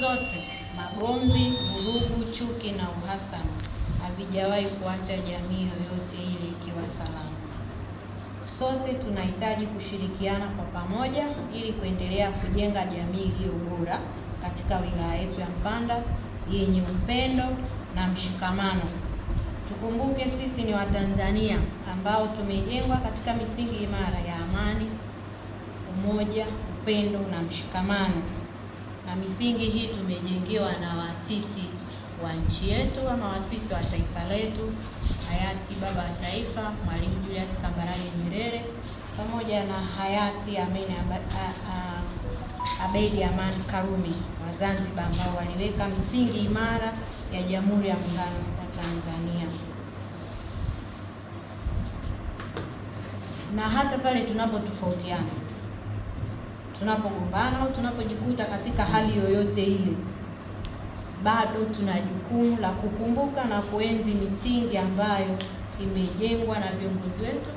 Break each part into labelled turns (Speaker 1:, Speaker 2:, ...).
Speaker 1: zote, magomvi, vurugu, chuki na uhasama havijawahi kuacha jamii yoyote ile ikiwa salama. Sote tunahitaji kushirikiana kwa pamoja ili kuendelea kujenga jamii iliyo bora katika wilaya yetu ya Mpanda yenye upendo na mshikamano. Tukumbuke sisi ni Watanzania ambao tumejengwa katika misingi imara ya amani, umoja, upendo na mshikamano na misingi hii tumejengewa na waasisi wa nchi yetu ama waasisi wa taifa letu, hayati baba wa taifa Mwalimu Julius Kambarage Nyerere pamoja na hayati Amin Abeid Aman Karume wa Zanzibar, ambao waliweka misingi imara ya Jamhuri ya Muungano wa Tanzania. Na hata pale tunapotofautiana tunapogombana au tunapojikuta katika hali yoyote ile, bado tuna jukumu la kukumbuka na kuenzi misingi ambayo imejengwa na viongozi wetu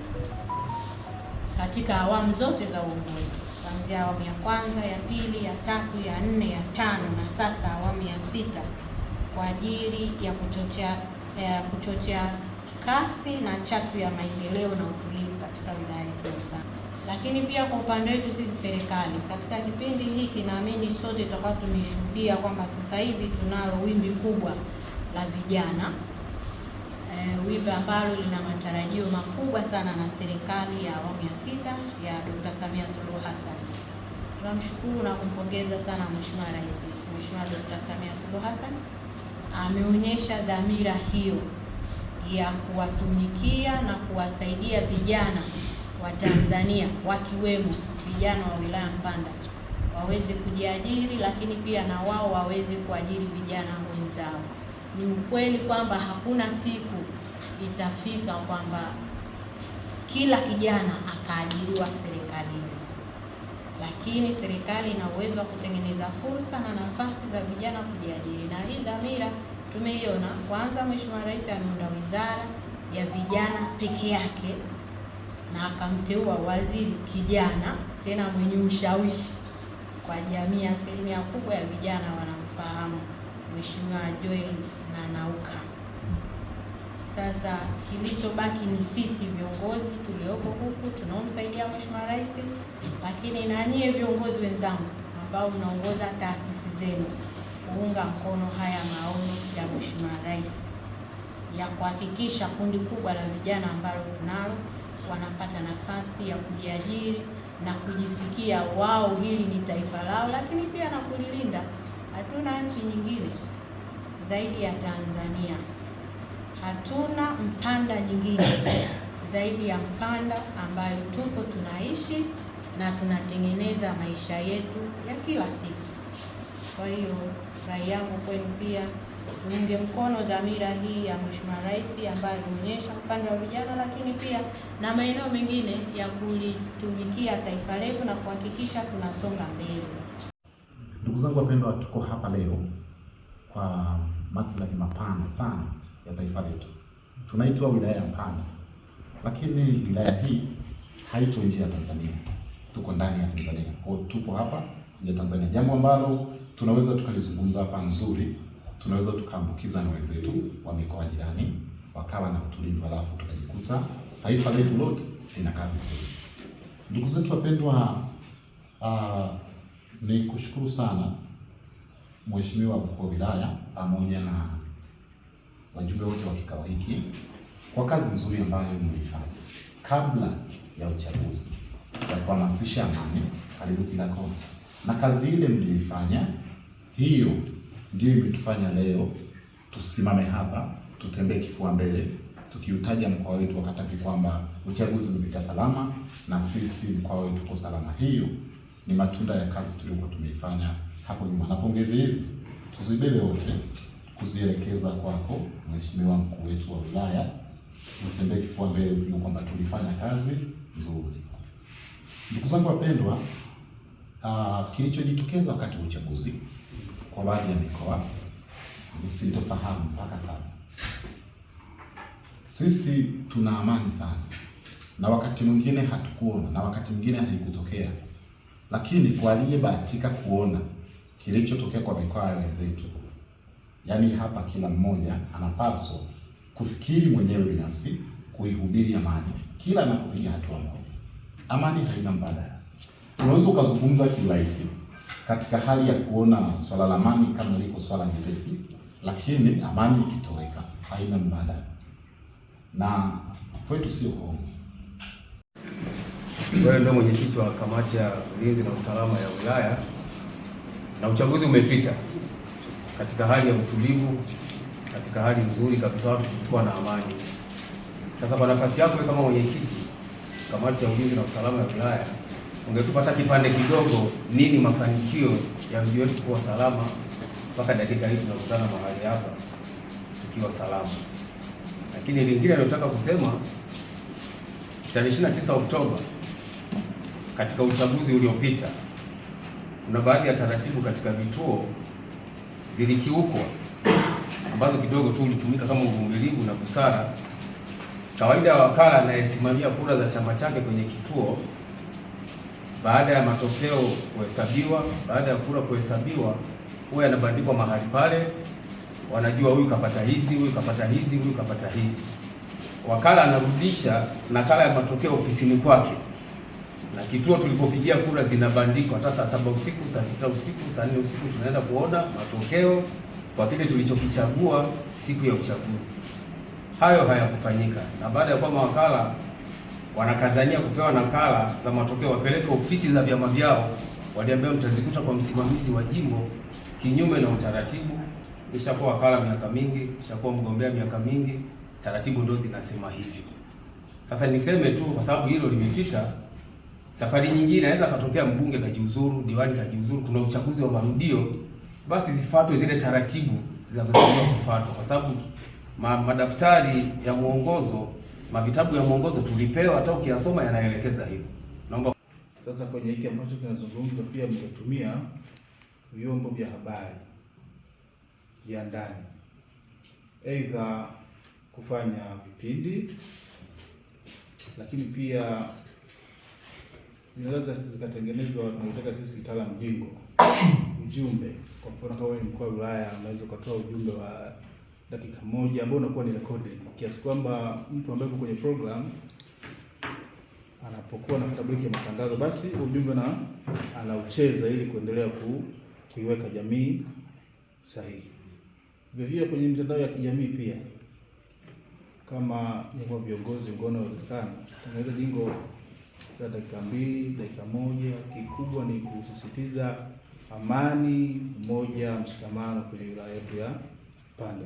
Speaker 1: katika awamu zote za uongozi kuanzia awamu ya kwanza, ya pili, ya tatu, ya nne, ya tano na sasa awamu ya sita kwa ajili ya kuchochea ya kuchochea kasi na chatu ya maendeleo na utulivu katika wilaya lakini pia kwa upande wetu sisi serikali, katika kipindi hiki naamini sote tutakuwa tumeshuhudia kwamba sasa hivi tunalo wimbi kubwa la vijana e, wimbi ambalo lina matarajio makubwa sana na serikali ya awamu ya sita ya Dr. Samia Suluhu Hassan. Tunamshukuru na kumpongeza sana Mheshimiwa Rais, Mheshimiwa Dr. Samia Suluhu Hassan ameonyesha dhamira hiyo ya kuwatumikia na kuwasaidia vijana wa Tanzania wakiwemo vijana wa wilaya Mpanda waweze kujiajiri, lakini pia na wao waweze kuajiri vijana wenzao. Ni ukweli kwamba hakuna siku itafika kwamba kila kijana akaajiriwa serikalini, lakini serikali ina uwezo wa kutengeneza fursa na nafasi za vijana kujiajiri, na hii dhamira tumeiona. Kwanza Mheshimiwa Rais ameunda wizara ya vijana peke yake na akamteua waziri kijana tena mwenye ushawishi kwa jamii. Asilimia kubwa ya vijana wanamfahamu Mheshimiwa Joel Nanauka. Sasa kilichobaki ni sisi viongozi tuliopo huku tunaomsaidia Mheshimiwa Rais, lakini na nyie viongozi wenzangu ambao mnaongoza taasisi zenu kuunga mkono haya maono ya Mheshimiwa Rais ya kuhakikisha kundi kubwa la vijana ambalo tunalo wanapata nafasi ya kujiajiri na kujisikia wao hili ni taifa lao, lakini pia na kulilinda. Hatuna nchi nyingine zaidi ya Tanzania, hatuna mpanda nyingine zaidi ya mpanda ambayo tuko tunaishi na tunatengeneza maisha yetu ya kila siku. Kwa hiyo rai yangu kwenu pia Tuunge mkono dhamira hii ya Mheshimiwa Rais ambaye ameonyesha upande wa vijana, lakini pia na maeneo mengine ya kulitumikia taifa letu na kuhakikisha tunasonga mbele.
Speaker 2: Ndugu zangu wapendwa, tuko hapa leo kwa maslahi mapana sana ya taifa letu. Tunaitwa wilaya ya Mpanda, lakini wilaya hii haiko nje ya Tanzania, tuko ndani ya Tanzania. Kwa tupo hapa nje ya Tanzania, jambo ambalo tunaweza tukalizungumza hapa nzuri tunaweza tukaambukiza na wenzetu wa mikoa jirani, wakawa na utulivu, halafu tukajikuta taifa letu lote linakaa vizuri. Ndugu zetu wapendwa, uh, ni kushukuru sana Mheshimiwa mkuu wa wilaya pamoja na wajumbe wote wa kikao hiki kwa kazi nzuri ambayo mmeifanya kabla ya uchaguzi ya kuhamasisha amani karibu kila kona, na kazi ile mliifanya hiyo ndio imetufanya leo tusimame hapa, tutembee kifua mbele, tukiutaja mkoa wetu wa Katavi kwamba uchaguzi umepita salama na sisi mkoa wetu uko salama. Hiyo ni matunda ya kazi tuliyokuwa tumeifanya hapo nyuma, na pongezi hizi tuzibebe wote kuzielekeza kwako Mheshimiwa mkuu wetu wa wilaya, utembee kifua mbele ujue kwamba tulifanya kazi nzuri. Ndugu zangu wapendwa, uh, kilichojitokeza wakati wa uchaguzi kwa baadhi ya mikoa msitofahamu mpaka sasa. Sisi tuna amani sana, na wakati mwingine hatukuona na wakati mwingine haikutokea, lakini kwa aliyebahatika kuona kilichotokea kwa mikoa ya wenzetu, yaani hapa kila mmoja anapaswa kufikiri mwenyewe binafsi kuihubiri amani kila anapopiga hatua moja. Amani haina mbadala. Unaweza ukazungumza kiurahisi katika hali ya kuona swala la amani kama liko swala nyepesi, lakini amani ikitoweka haina mbada na kwetu sio homu. Wewe ndio mwenyekiti wa kamati ya ulinzi na usalama ya wilaya, na uchaguzi umepita katika hali ya utulivu, katika hali nzuri kabisa, watu tulikuwa na amani. Sasa kwa nafasi yako kama mwenyekiti kamati ya ulinzi na usalama ya wilaya ungetupata kipande kidogo, nini mafanikio ya mji wetu kuwa salama mpaka dakika hii tunakutana mahali hapa tukiwa salama. Lakini lingine nataka kusema, tarehe 29 Oktoba, katika uchaguzi uliopita, kuna baadhi ya taratibu katika vituo zilikiukwa ambazo kidogo tu ulitumika kama uvumilivu na busara. Kawaida ya wakala anayesimamia kura za chama chake kwenye kituo baada ya matokeo kuhesabiwa, baada ya kura kuhesabiwa, huwa yanabandikwa mahali pale, wanajua huyu kapata hizi, huyu kapata hizi, huyu kapata hizi. Wakala anarudisha nakala ya matokeo ofisini kwake, na kituo tulipopigia kura zinabandikwa. Hata saa saba usiku, saa sita usiku, saa nne usiku tunaenda kuona matokeo kwa kile tulichokichagua siku ya uchaguzi. Hayo hayakufanyika, na baada ya kwamba wakala wanakazania kupewa nakala za matokeo wapeleke ofisi za vyama vyao, waliambia mtazikuta kwa msimamizi wa jimbo kinyume na utaratibu. Ishakuwa wakala miaka mingi, ishakuwa mgombea miaka mingi, taratibu ndio zinasema hivyo. Sasa niseme tu kwa sababu hilo limepita, safari nyingine inaweza katokea mbunge kajiuzuru, diwani kajiuzuru, kuna uchaguzi wa marudio, basi zifuatwe zile taratibu zinazotakiwa kufuatwa, kwa sababu ma, madaftari ya mwongozo mavitabu ya mwongozo tulipewa, hata ukiyasoma yanaelekeza hivyo. Naomba
Speaker 3: sasa kwenye hiki ambacho kinazungumzwa pia mtatumia vyombo vya habari vya ndani, aidha kufanya vipindi, lakini pia zinaweza zikatengenezwa tunaitaka sisi kitaalam jingo, ujumbe. Kwa mfano kama ni mkoa wa wilaya, unaweza ukatoa ujumbe wa dakika moja ambayo unakuwa ni recorded, kiasi kwamba mtu ambaye yuko kwenye program anapokuwa na tabliki ya matangazo, basi ujumbe na anaucheza ili kuendelea ku, kuiweka jamii sahihi. Vivyo kwenye mitandao ya kijamii pia, kama ni kwa viongozi ngono wezekana, tunaweza jingo za dakika mbili, dakika moja. Kikubwa ni kusisitiza amani, umoja, mshikamano kwenye wilaya yetu ya Mpanda.